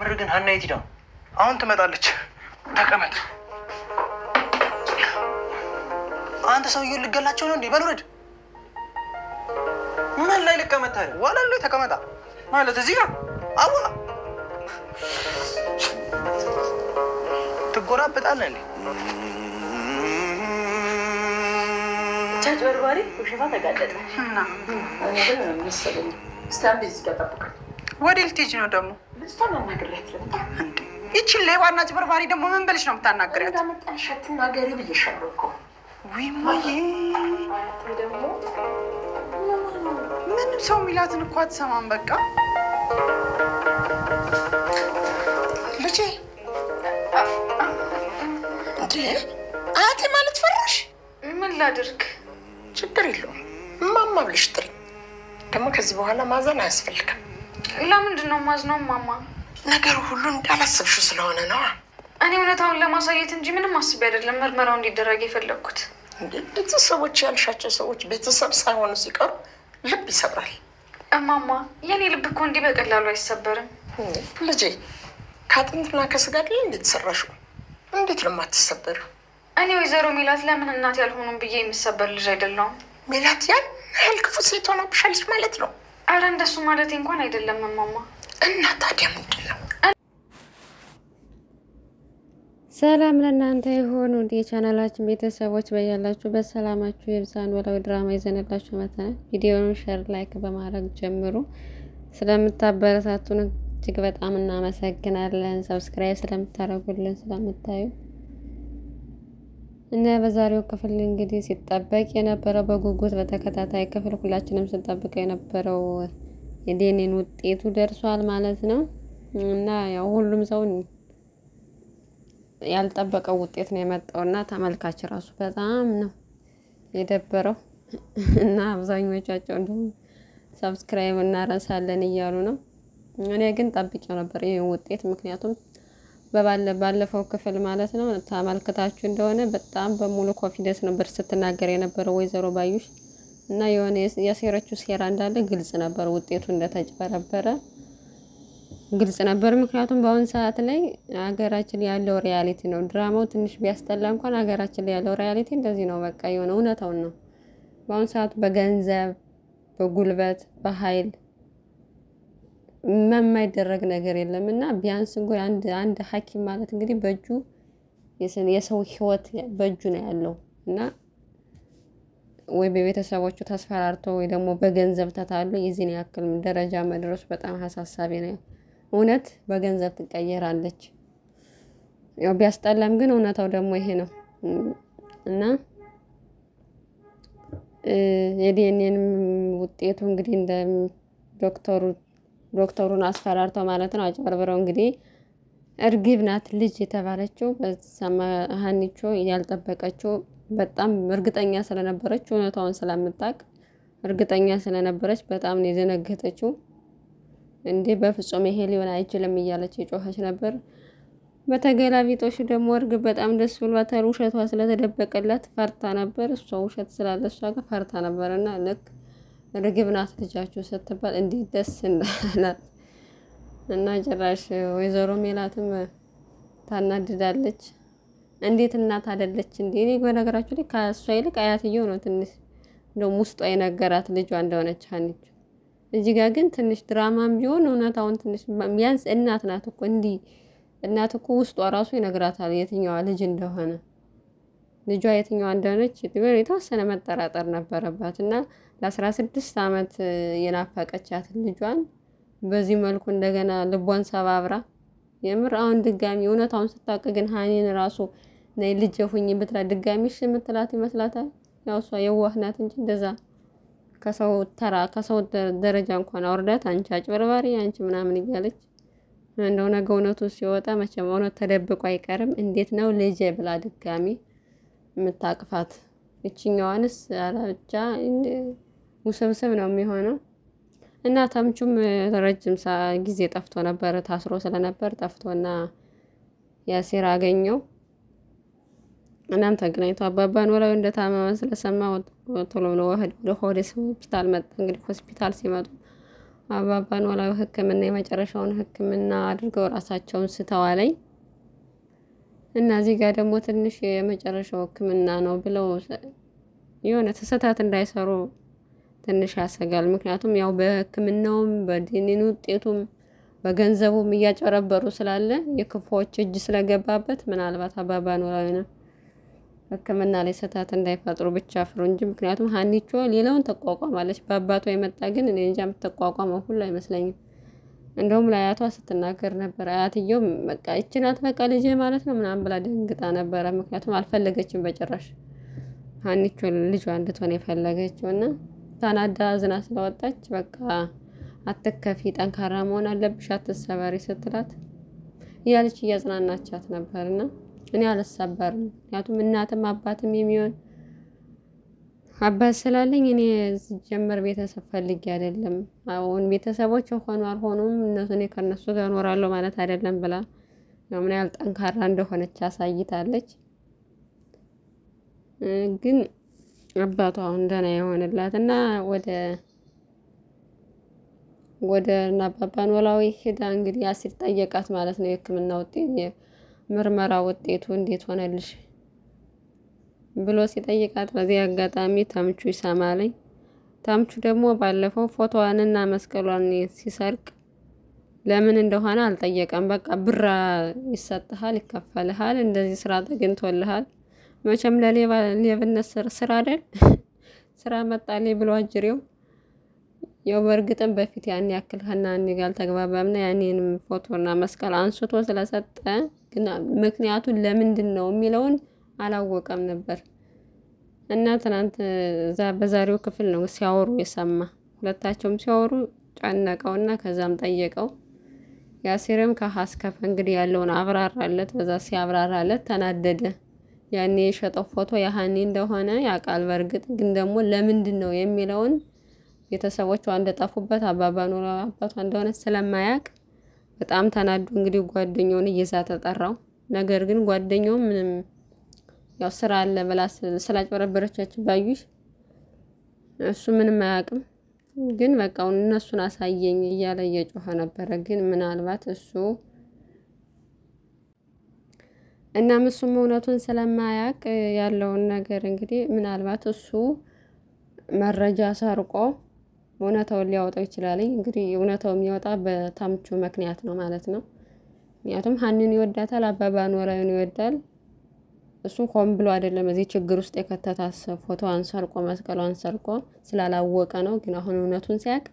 ምር ግን ሀና የት ሄዳ? አሁን ትመጣለች። ተቀመጥ። አንተ ሰውዬ ልገላቸው ነው እንዴ? በልውረድ። ምን ላይ ልቀመጥ ታዲያ? ዋላ ላይ ተቀመጣ ማለት እዚህ ጋር አዋ ትጎራበጣለህ እንዴ? ተጨበርባሪ ውሸፋ ተጋለጠ። ወደ ልትሄጂ ነው ደግሞ? ልጅቷ ማናገሪያት ለምጣ ሌባና ጭበርባሪ ደግሞ ምን በልሽ ነው የምታናገሪያት? ምንም ሰው የሚላትን እኮ አትሰማም። በቃ ልጄ አያቴ ማለት ፈራሽ? ምን ላድርግ? ችግር የለውም ብለሽ ጥሪ። ደግሞ ከዚህ በኋላ ማዘን አያስፈልግም። ለምንድን ነው ማዝነው? ማማ ነገሩ ሁሉ እንዳላሰብሽው ስለሆነ ነው እኔ እውነታውን ለማሳየት እንጂ ምንም አስቤ አይደለም ምርመራው እንዲደረግ የፈለግኩት። ቤተሰቦች ያልሻቸው ሰዎች ቤተሰብ ሳይሆኑ ሲቀሩ ልብ ይሰብራል። እማማ የኔ ልብ እኮ እንዲህ በቀላሉ አይሰበርም። ልጄ ከአጥንትና ከስጋ ላይ እንዴት ሰራሹ? እንዴት ነው የማትሰበሪው? እኔ ወይዘሮ ሜላት ለምን እናት ያልሆኑም ብዬ የሚሰበር ልጅ አይደለውም? ሜላት ያን ያህል ክፉ ሴት ሆናብሻለች ማለት ነው? አረ እንደሱ ማለት እንኳን አይደለም እማማ። እና ታዲያ ምንድን ነው? ሰላም ለእናንተ የሆኑ እንዲ የቻናላችን ቤተሰቦች በያላችሁ በሰላማችሁ የብዛን ወላዊ ድራማ ይዘንላችሁ መተናል። ቪዲዮውን ሸር፣ ላይክ በማድረግ ጀምሩ። ስለምታበረታቱን እጅግ በጣም እናመሰግናለን። ሰብስክራይብ ስለምታደርጉልን ስለምታዩ እና በዛሬው ክፍል እንግዲህ ሲጠበቅ የነበረው በጉጉት በተከታታይ ክፍል ሁላችንም ስንጠብቀው የነበረው የዴኔን ውጤቱ ደርሷል ማለት ነው። እና ያው ሁሉም ሰው ያልጠበቀው ውጤት ነው የመጣው እና ተመልካች ራሱ በጣም ነው የደበረው እና አብዛኞቻቸው እንዲሁም ሰብስክራይብ እናረሳለን እያሉ ነው። እኔ ግን ጠብቄው ነበር ይህ ውጤት ምክንያቱም ባለፈው ክፍል ማለት ነው ተመልክታችሁ እንደሆነ በጣም በሙሉ ኮንፊደንስ ነበር ስትናገር የነበረው ወይዘሮ ባዩሽ እና የሆነ የሴረችው ሴራ እንዳለ ግልጽ ነበር። ውጤቱ እንደተጭበረበረ ግልጽ ነበር። ምክንያቱም በአሁን ሰዓት ላይ ሀገራችን ያለው ሪያሊቲ ነው። ድራማው ትንሽ ቢያስጠላ እንኳን ሀገራችን ላይ ያለው ሪያሊቲ እንደዚህ ነው። በቃ የሆነ እውነታውን ነው። በአሁኑ ሰዓት በገንዘብ፣ በጉልበት፣ በኃይል የማይደረግ ነገር የለም እና ቢያንስ እንኳን አንድ አንድ ሐኪም ማለት እንግዲህ በእጁ የሰው ህይወት በእጁ ነው ያለው እና ወይ በቤተሰቦቹ ተስፈራርቶ ወይ ደግሞ በገንዘብ ተታሉ የዚህን ያክል ደረጃ መድረሱ በጣም አሳሳቢ ነው። እውነት በገንዘብ ትቀየራለች። ያው ቢያስጠላም ግን እውነታው ደግሞ ይሄ ነው እና የዲኤንኤን ውጤቱ እንግዲህ እንደ ዶክተሩ ዶክተሩን አስፈራርተው ማለት ነው አጭበርብረው እንግዲህ እርግብ ናት ልጅ የተባለችው ሀኒቾ ያልጠበቀችው በጣም እርግጠኛ ስለነበረች እውነቷን ስለምታቅ እርግጠኛ ስለነበረች በጣም ነው የዘነገጠችው። እንዴ በፍጹም ይሄ ሊሆን አይችልም እያለች የጮኸች ነበር። በተገላቢጦሹ ደግሞ እርግብ በጣም ደስ ብሏታል። ውሸቷ ስለተደበቀላት ፈርታ ነበር። እሷ ውሸት ስላለሷ ፈርታ ነበርና ልክ ርግብ ናት ልጃችሁ ስትባል እንዴት ደስ እንዳላት እና ጭራሽ ወይዘሮ ሜላትም ታናድዳለች። እንዴት እናት አይደለች እንዴ? እኔ በነገራችሁ ላይ ከእሷ ይልቅ አያትየው ነው ትንሽ እንደውም ውስጧ የነገራት ልጇ እንደሆነች ሀኒች። እዚህ ጋር ግን ትንሽ ድራማም ቢሆን እውነታውን ትንሽ ቢያንስ እናት ናት እኮ እንዲህ እናት እኮ ውስጧ ራሱ ይነግራታል የትኛዋ ልጅ እንደሆነ ልጇ የትኛዋ እንደሆነች የተወሰነ መጠራጠር ነበረባት እና ለ16 ዓመት የናፈቀቻትን ልጇን በዚህ መልኩ እንደገና ልቧን ሰባብራ የምር አሁን ድጋሚ እውነታውን ስታውቅ ግን ሀኒን ራሱ ነይ ልጅ ሁኝ ብትላ ድጋሚ እሺ የምትላት ይመስላታል። ያው እሷ የዋህ እንጂ እንደዛ ከሰው ተራ ከሰው ደረጃ እንኳን አውርዳት አንቺ አጭበርባሪ፣ አንቺ ምናምን እያለች እንደው ነገ እውነቱ ሲወጣ መቼም እውነት ተደብቆ አይቀርም። እንዴት ነው ልጄ ብላ ድጋሚ የምታቅፋት። ይችኛዋንስ አላብቻ ውስብስብ ነው የሚሆነው እና ተምቹም ረጅም ጊዜ ጠፍቶ ነበር፣ ታስሮ ስለነበር ጠፍቶና ያሲር አገኘው። እናም ተገናኝቶ አባባን ወላዊ እንደታመመ ስለሰማ ቶሎ ብሎ ወህድ ወደ ሆዴስ ሆስፒታል መጣ። እንግዲህ ሆስፒታል ሲመጡ አባባን ወላዊ ሕክምና የመጨረሻውን ሕክምና አድርገው ራሳቸውን ስተዋለኝ። እና እዚህ ጋር ደግሞ ትንሽ የመጨረሻው ሕክምና ነው ብለው የሆነ ተሰታት እንዳይሰሩ ትንሽ ያሰጋል። ምክንያቱም ያው በሕክምናውም በዲኒን ውጤቱም በገንዘቡም እያጨረበሩ ስላለ የክፉዎች እጅ ስለገባበት ምናልባት አባባ ኖላዊ ነው ህክምና ላይ ስህተት እንዳይፈጥሩ ብቻ ፍሩ እንጂ ምክንያቱም ሀኒቾ ሌላውን ተቋቋማለች። በአባቷ የመጣ ግን እኔ እንጃ የምትቋቋመው ሁሉ አይመስለኝም። እንደውም ለአያቷ ስትናገር ነበር። አያትየው በቃ ይቺ ናት በቃ ልጄ ማለት ነው ምናምን ብላ ደንግጣ ነበረ። ምክንያቱም አልፈለገችም በጭራሽ ሀኒቾ ልጇ እንድትሆን የፈለገችው እና ታናዳ ዝና ስለወጣች በቃ አትከፊ፣ ጠንካራ መሆን አለብሽ፣ አትሰበሪ ስትላት እያለች እያጽናናቻት እና እኔ አልሰበርም ምክንያቱም እናትም አባትም የሚሆን አባት ስላለኝ እኔ ስጀምር ቤተሰብ ፈልጌ አይደለም። አሁን ቤተሰቦች ሆኑ አልሆኑም እነሱ እኔ ከነሱ ጋር እኖራለሁ ማለት አይደለም ብላ ነው ምን ያህል ጠንካራ እንደሆነች አሳይታለች። ግን አባቷ አሁን ደህና የሆንላት እና ወደ ወደ አባባ ኖላዊ ሄዳ እንግዲህ አሲር ጠየቃት ማለት ነው የሕክምና ውጤት የምርመራ ውጤቱ እንዴት ሆነልሽ ብሎ ሲጠይቃት በዚህ አጋጣሚ ተምቹ ይሰማለኝ። ተምቹ ደግሞ ባለፈው ፎቶዋንና መስቀሏን ሲሰርቅ ለምን እንደሆነ አልጠየቀም። በቃ ብራ ይሰጥሃል፣ ይከፈልሃል፣ እንደዚህ ስራ ተገኝቶልሃል። መቼም ለሌብነት ስራ አይደል ስራ መጣሌ ብሎ አጅሬው ያው በእርግጥም በፊት ያን ያክል ከናኒ ጋር አልተግባባምና ያኔንም ፎቶና መስቀል አንስቶ ስለሰጠ ግን ምክንያቱን ለምንድን ነው የሚለውን አላወቀም ነበር እና ትናንት በዛሬው ክፍል ነው ሲያወሩ የሰማ። ሁለታቸውም ሲያወሩ ጨነቀው እና ከዛም ጠየቀው። ያሲርም ከሀስከፈ እንግዲህ ያለውን አብራራለት። በዛ ሲያብራራለት ተናደደ። ያኔ የሸጠው ፎቶ የሀኒ እንደሆነ ያውቃል። በእርግጥ ግን ደግሞ ለምንድን ነው የሚለውን ቤተሰቦቿ እንደጠፉበት አባባኑ አባቷ እንደሆነ ስለማያውቅ በጣም ተናዱ። እንግዲህ ጓደኛውን እየዛ ተጠራው። ነገር ግን ጓደኛውም ምንም ያው ስራ አለ ብላ ስላጭበረበረቻችን ባዩሽ እሱ ምንም አያውቅም፣ ግን በቃ እነሱን አሳየኝ እያለ እየጮኸ ነበረ። ግን ምናልባት እሱ እናም እሱም እውነቱን ስለማያውቅ ያለውን ነገር እንግዲህ ምናልባት እሱ መረጃ ሰርቆ እውነታውን ሊያወጣው ይችላል። እንግዲህ እውነታው የሚወጣ በታምቹ ምክንያት ነው ማለት ነው። ምክንያቱም ሀኒን ይወዳታል፣ አባባ ኖላዊን ይወዳል። እሱ ሆን ብሎ አይደለም እዚህ ችግር ውስጥ የከተታት ፎቶ አንሰርቆ መስቀሉ አንሰርቆ ስላላወቀ ነው። ግን አሁን እውነቱን ሲያቅ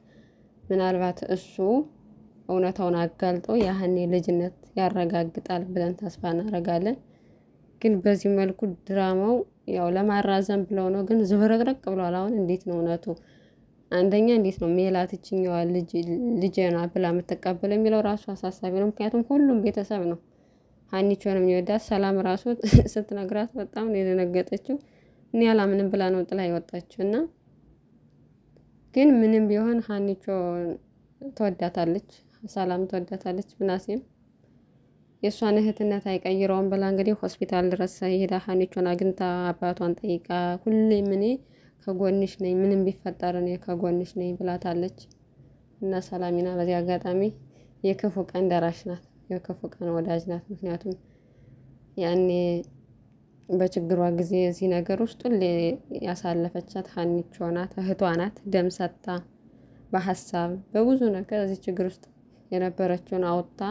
ምናልባት እሱ እውነታውን አጋልጦ ያህኔ ልጅነት ያረጋግጣል ብለን ተስፋ እናደርጋለን። ግን በዚህ መልኩ ድራማው ያው ለማራዘም ብለው ነው። ግን ዝብረቅረቅ ብሏል። አሁን እንዴት ነው እውነቱ? አንደኛ እንዴት ነው ሜላት ይችኛዋ ልጅ ልጄ ብላ የምትቀበለው የሚለው ራሱ አሳሳቢ ነው። ምክንያቱም ሁሉም ቤተሰብ ነው ሀኒቾንም የሚወዳት ሰላም ራሱ ስትነግራት በጣም ነው የደነገጠችው። እኔ አላምንም ብላ ነው ጥላ የወጣችው እና ግን ምንም ቢሆን ሀኒቾ ትወዳታለች፣ ሰላም ትወዳታለች። ምናሴም የእሷን እህትነት አይቀይረውም ብላ እንግዲህ ሆስፒታል ድረስ ሄዳ ሀኒቾን አግኝታ አባቷን ጠይቃ ሁሌም እኔ ከጎንሽ ነኝ፣ ምንም ቢፈጠር እኔ ከጎንሽ ነኝ ብላታለች። እና ሰላሚና በዚህ አጋጣሚ የክፉ ቀን ደራሽ ናት። የክፉ ቀን ወዳጅ ናት። ምክንያቱም ያኔ በችግሯ ጊዜ እዚህ ነገር ውስጥ ሁሌ ያሳለፈቻት ሀኒቾ ናት፣ እህቷ ናት። ደም ሰጥታ በሀሳብ በብዙ ነገር እዚህ ችግር ውስጥ የነበረችውን አውጥታ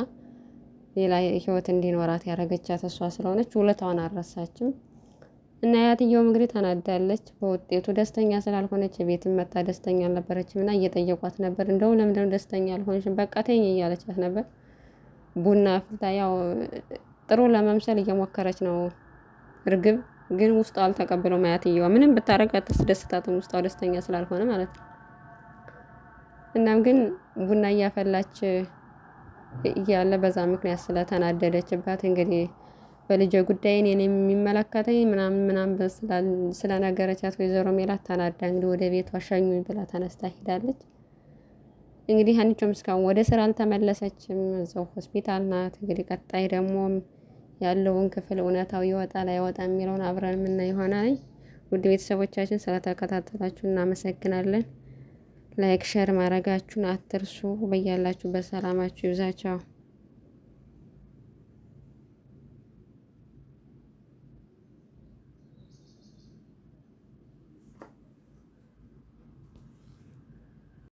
ሌላ ህይወት እንዲኖራት ያደረገቻት እሷ ስለሆነች ውለታዋን አልረሳችም እና ያትየው እንግዲህ ተናዳለች። በውጤቱ ደስተኛ ስላልሆነች ቤትም መታ ደስተኛ አልነበረችም እና እየጠየቋት ነበር። እንደውም ለምንድነው ደስተኛ አልሆንሽም? በቃ ተኝ እያለቻት ነበር። ቡና አፍልታ ያው ጥሩ ለመምሰል እየሞከረች ነው እርግብ ግን ውስጧ አልተቀበለው። ማያትየዋ ምንም ብታደርግ አታስደስታትም፣ ውስጧ ደስተኛ ስላልሆነ ማለት ነው። እናም ግን ቡና እያፈላች እያለ በዛ ምክንያት ስለተናደደችባት እንግዲህ በልጄ ጉዳይ እኔን የሚመለከተኝ ምናምን ምናምን ስለነገረቻት ወይዘሮ ሜላት ተናዳ እንግዲህ ወደ ቤቷ ሸኙኝ ብላ ተነስታ ሄዳለች። እንግዲህ ሀኒቾም እስካሁን ወደ ስራ አልተመለሰችም፣ እዛው ሆስፒታል ናት። እንግዲህ ቀጣይ ደግሞ ያለውን ክፍል እውነታው ይወጣ ላይወጣ የሚለውን አብረን ምና ይሆናል። ውድ ቤተሰቦቻችን ስለተከታተላችሁ እናመሰግናለን። ላይክ ሸር ማድረጋችሁን አትርሱ። በያላችሁ በሰላማችሁ ይብዛቸው።